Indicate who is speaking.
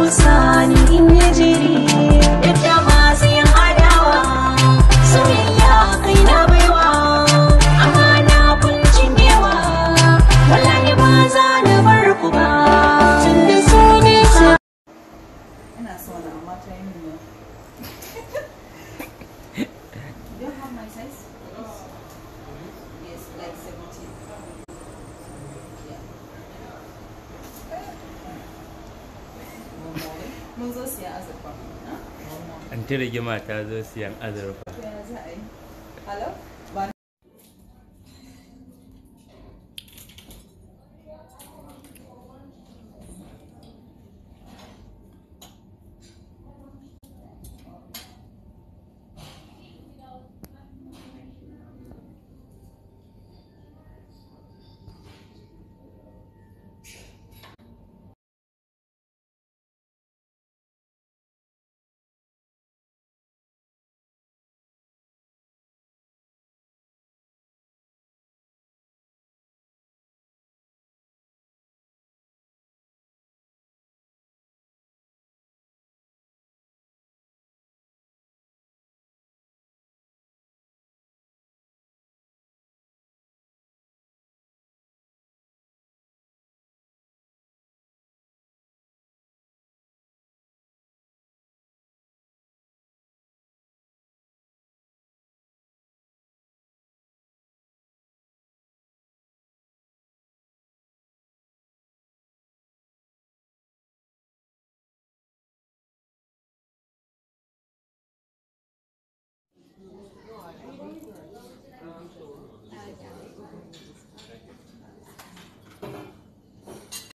Speaker 1: usani ime
Speaker 2: mun zo siyan azurfa
Speaker 3: an ta rigima ta zo siyan azurfa
Speaker 2: ya za a yi